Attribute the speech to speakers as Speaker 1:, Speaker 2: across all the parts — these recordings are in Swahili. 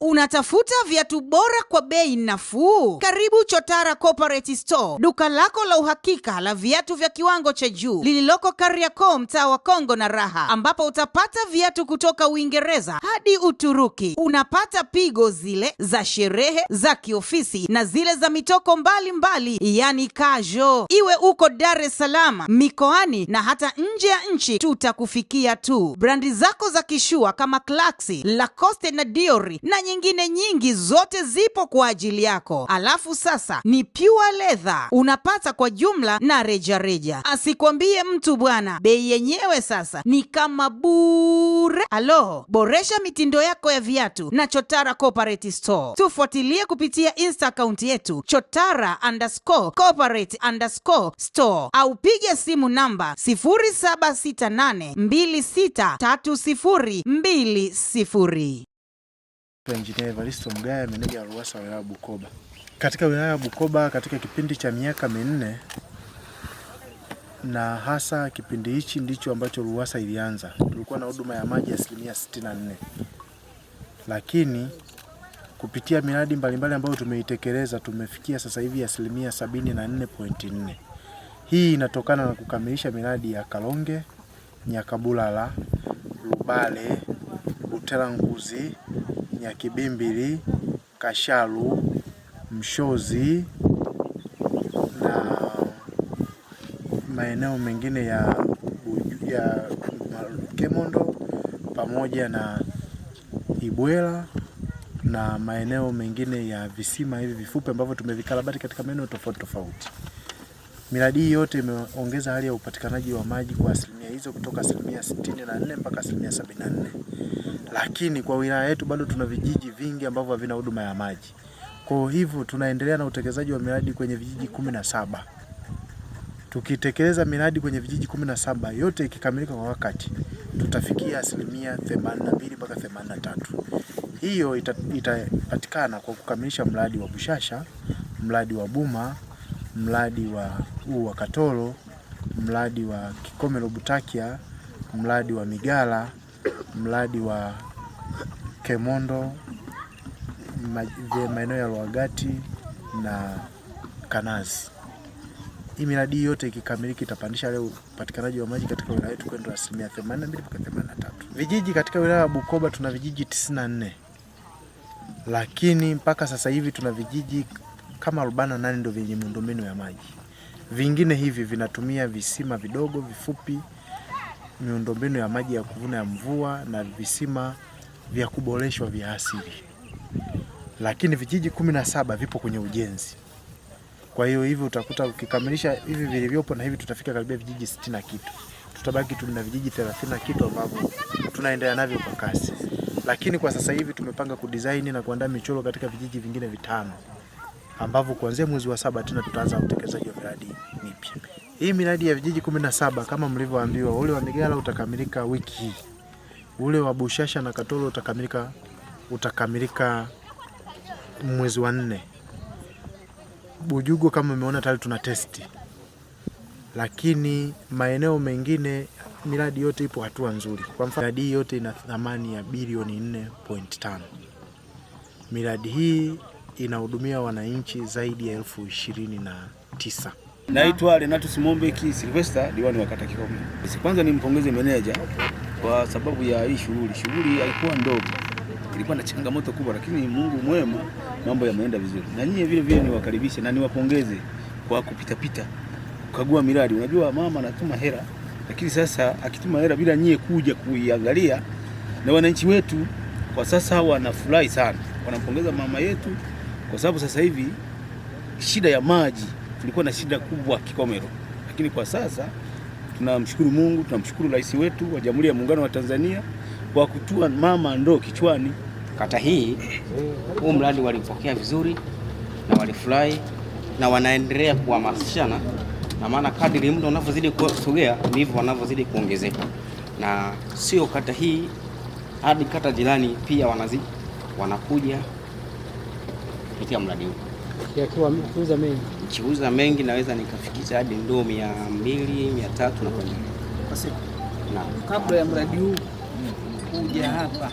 Speaker 1: Unatafuta viatu bora kwa bei nafuu? Karibu Chotara Corporate Store, duka lako la uhakika la viatu vya kiwango cha juu lililoko Kariakoo, mtaa wa Kongo na Raha, ambapo utapata viatu kutoka Uingereza hadi Uturuki. Unapata pigo zile za sherehe, za kiofisi na zile za mitoko mbalimbali mbali, yani kajo. Iwe uko Dar es Salaam, mikoani na hata nje ya nchi, tutakufikia tu. Brandi zako za kishua kama Clarks, Lacoste na Diori na nyingine nyingi zote zipo kwa ajili yako. Alafu sasa ni pure leather unapata kwa jumla na rejareja, asikwambie mtu bwana. Bei yenyewe sasa ni kama bure. Alo, boresha mitindo yako ya viatu na Chotara Corporate Store. Tufuatilie kupitia insta akaunti yetu Chotara underscore corporate underscore store au piga simu namba 0768263020.
Speaker 2: Engineer Evaristo Mgaya, meneja wa RUWASA wilaya ya Bukoba. Katika wilaya ya Bukoba katika kipindi cha miaka minne na hasa kipindi hichi ndicho ambacho RUWASA ilianza, tulikuwa na huduma ya maji asilimia 64, lakini kupitia miradi mbalimbali ambayo tumeitekeleza tumefikia sasa hivi asilimia 74.4. Hii inatokana na kukamilisha miradi ya Kalonge, Nyakabulala, Rubale Mtaranguzi, Nyakibimbili, Kashalu, Mshozi na maeneo mengine ya, ya Kemondo pamoja na Ibwela na maeneo mengine ya visima hivi vifupi ambavyo tumevikarabati katika maeneo tofauti tofauti. Miradi hii yote imeongeza hali ya upatikanaji wa maji kwa asilimia hizo kutoka asilimia 64 mpaka asilimia 74 lakini kwa wilaya yetu bado tuna vijiji vingi ambavyo havina huduma ya maji. Kwa hivyo tunaendelea na utekelezaji wa miradi kwenye vijiji kumi na saba. Tukitekeleza miradi kwenye vijiji kumi na saba yote ikikamilika kwa wakati, tutafikia asilimia 82 mpaka 83. Hiyo itapatikana ita kwa kukamilisha mradi wa Bushasha, mradi wa Buma, mradi wa uu wa Katoro, mradi wa Kikomero Butakia, mradi wa Migala mradi wa Kemondo, maeneo ya Luagati na Kanazi. Hii miradi yote ikikamilika itapandisha leo upatikanaji wa maji katika wilaya yetu kwenda asilimia 82 mpaka 83. Vijiji katika wilaya ya Bukoba tuna vijiji 94, lakini mpaka sasa hivi tuna vijiji kama 48 ndio vyenye miundombinu ya maji. Vingine hivi vinatumia visima vidogo vifupi miundombinu ya maji ya kuvuna ya mvua na visima vya kuboreshwa vya asili, lakini vijiji kumi na saba vipo kwenye ujenzi. Kwa hiyo hivi utakuta ukikamilisha hivi vilivyopo na hivi tutafika karibia vijiji sitini na kitu, tutabaki tu na vijiji thelathini na kitu ambavyo tunaendelea navyo kwa kasi, lakini kwa sasa hivi tumepanga kudizaini na kuandaa michoro katika vijiji vingine vitano ambavyo kuanzia mwezi wa saba tena tutaanza utekelezaji wa miradi mipya. Hii miradi ya vijiji kumi na saba kama mlivyoambiwa, ule wa Migala utakamilika wiki hii, ule wa Bushasha na Katoro utakamilika utakamilika mwezi wa nne. Bujugo kama umeona tayari tuna testi, lakini maeneo mengine miradi yote ipo hatua nzuri. Kwa mfano, miradi hii yote ina thamani ya bilioni 4.5. Miradi hii inahudumia wananchi zaidi ya elfu ishirini na tisa.
Speaker 3: Naitwa Renatus Mombeki Silvesta, diwani wa kata Kikome. Kwanza nimpongeze meneja kwa sababu ya hii shughuli. Shughuli haikuwa ndogo, ilikuwa na changamoto kubwa, lakini Mungu mwema, mambo yameenda vizuri. Na nyinyi vile vile niwakaribishe na niwapongeze kwa kupitapita, kukagua miradi. Unajua mama anatuma hela, lakini sasa akituma hela bila nyie kuja kuiangalia, na wananchi wetu kwa sasa wanafurahi sana, wanampongeza mama yetu kwa sababu sasa hivi shida ya maji, tulikuwa na shida kubwa Kikomero, lakini kwa sasa tunamshukuru Mungu, tunamshukuru rais wetu wa Jamhuri ya Muungano wa Tanzania kwa kutua mama ndoo kichwani.
Speaker 4: Kata hii huu mradi walipokea vizuri na walifurahi na wanaendelea kuhamasishana, na maana kadiri mdo unavyozidi kusogea ndivyo wanavyozidi kuongezeka, na sio kata hii hadi kata jirani pia wanazi, wanakuja kupitia mradi
Speaker 5: huu. kuuza mengi,
Speaker 4: nikiuza mengi naweza nikafikisha hadi ndoo 200, 300 na kwenda
Speaker 5: kwa siku. Na kabla ya mradi huu kuja hapa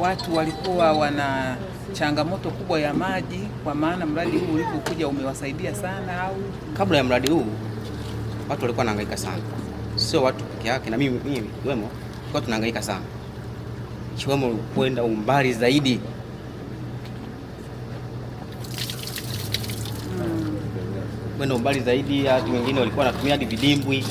Speaker 5: watu walikuwa wana changamoto kubwa ya maji, kwa maana mradi huu ulipokuja umewasaidia sana au?
Speaker 4: Kabla ya mradi huu watu walikuwa wanahangaika sana, sio watu peke yake, na mimi mimi ikiwemo, tulikuwa tunahangaika sana, ikiwemo kwenda umbali zaidi kwenda umbali zaidi, watu wengine walikuwa wanatumia vidimbwi.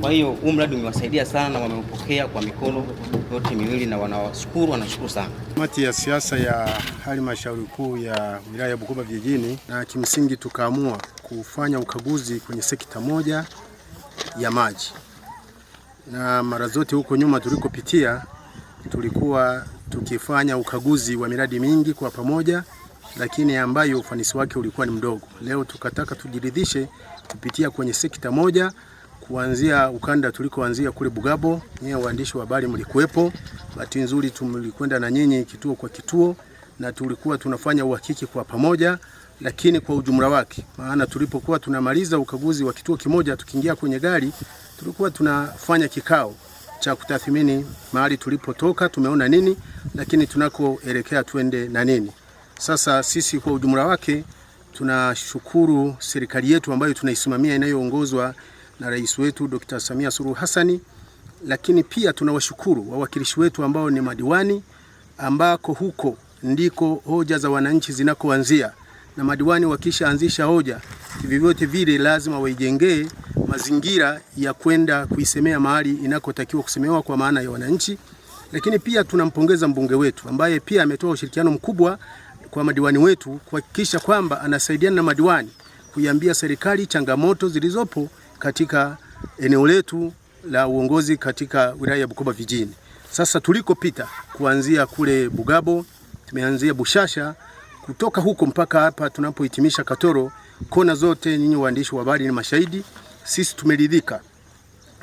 Speaker 4: Kwa hiyo huu mradi umewasaidia sana na wameupokea kwa mikono yote miwili na wanawashukuru, wanashukuru sana.
Speaker 2: Kamati ya siasa ya halmashauri kuu ya wilaya ya Bukoba vijijini, na kimsingi tukaamua kufanya ukaguzi kwenye sekta moja ya maji, na mara zote huko nyuma tulikopitia tulikuwa tukifanya ukaguzi wa miradi mingi kwa pamoja lakini ambayo ufanisi wake ulikuwa ni mdogo. Leo tukataka tujiridhishe kupitia kwenye sekta moja kuanzia ukanda tulikoanzia kule Bugabo. Nyewe waandishi wa habari mlikuwepo, bahati nzuri tulikwenda na nyinyi kituo kwa kituo, na tulikuwa tunafanya uhakiki kwa pamoja, lakini kwa ujumla wake, maana tulipokuwa tunamaliza ukaguzi wa kituo kimoja, tukiingia kwenye gari, tulikuwa tunafanya kikao cha kutathmini mahali tulipotoka tumeona nini, lakini tunakoelekea tuende na nini. Sasa sisi kwa ujumla wake tunashukuru serikali yetu ambayo tunaisimamia inayoongozwa na rais wetu Dr. Samia Suluhu Hassani, lakini pia tunawashukuru wawakilishi wetu ambao ni madiwani, ambako huko ndiko hoja za wananchi zinakoanzia, na madiwani wakishaanzisha hoja vyovyote vile, lazima waijengee mazingira ya kwenda kuisemea mahali inakotakiwa kusemewa kwa maana ya wananchi. Lakini pia tunampongeza mbunge wetu ambaye pia ametoa ushirikiano mkubwa kwa madiwani wetu kuhakikisha kwamba anasaidiana na madiwani kuiambia serikali changamoto zilizopo katika eneo letu la uongozi katika wilaya ya Bukoba vijijini. Sasa tulikopita kuanzia kule Bugabo, tumeanzia Bushasha, kutoka huko mpaka hapa tunapohitimisha Katoro, kona zote, nyinyi waandishi wa habari ni mashahidi, sisi tumeridhika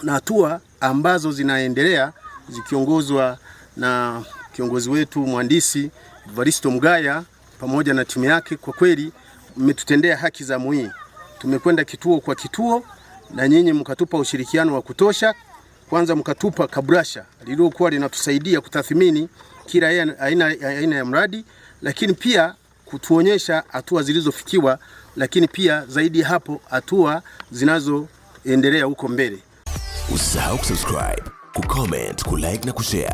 Speaker 2: na hatua ambazo zinaendelea zikiongozwa na kiongozi wetu mhandisi varisto Mgaya pamoja na timu yake. Kwa kweli mmetutendea haki za muhimu, tumekwenda kituo kwa kituo na nyinyi mkatupa ushirikiano wa kutosha. Kwanza mkatupa kabrasha lililokuwa linatusaidia kutathmini kila aina, aina ya mradi, lakini pia kutuonyesha hatua zilizofikiwa, lakini pia zaidi hapo hatua zinazoendelea huko mbele. Usisahau kusubscribe, kucomment, kulike na kushare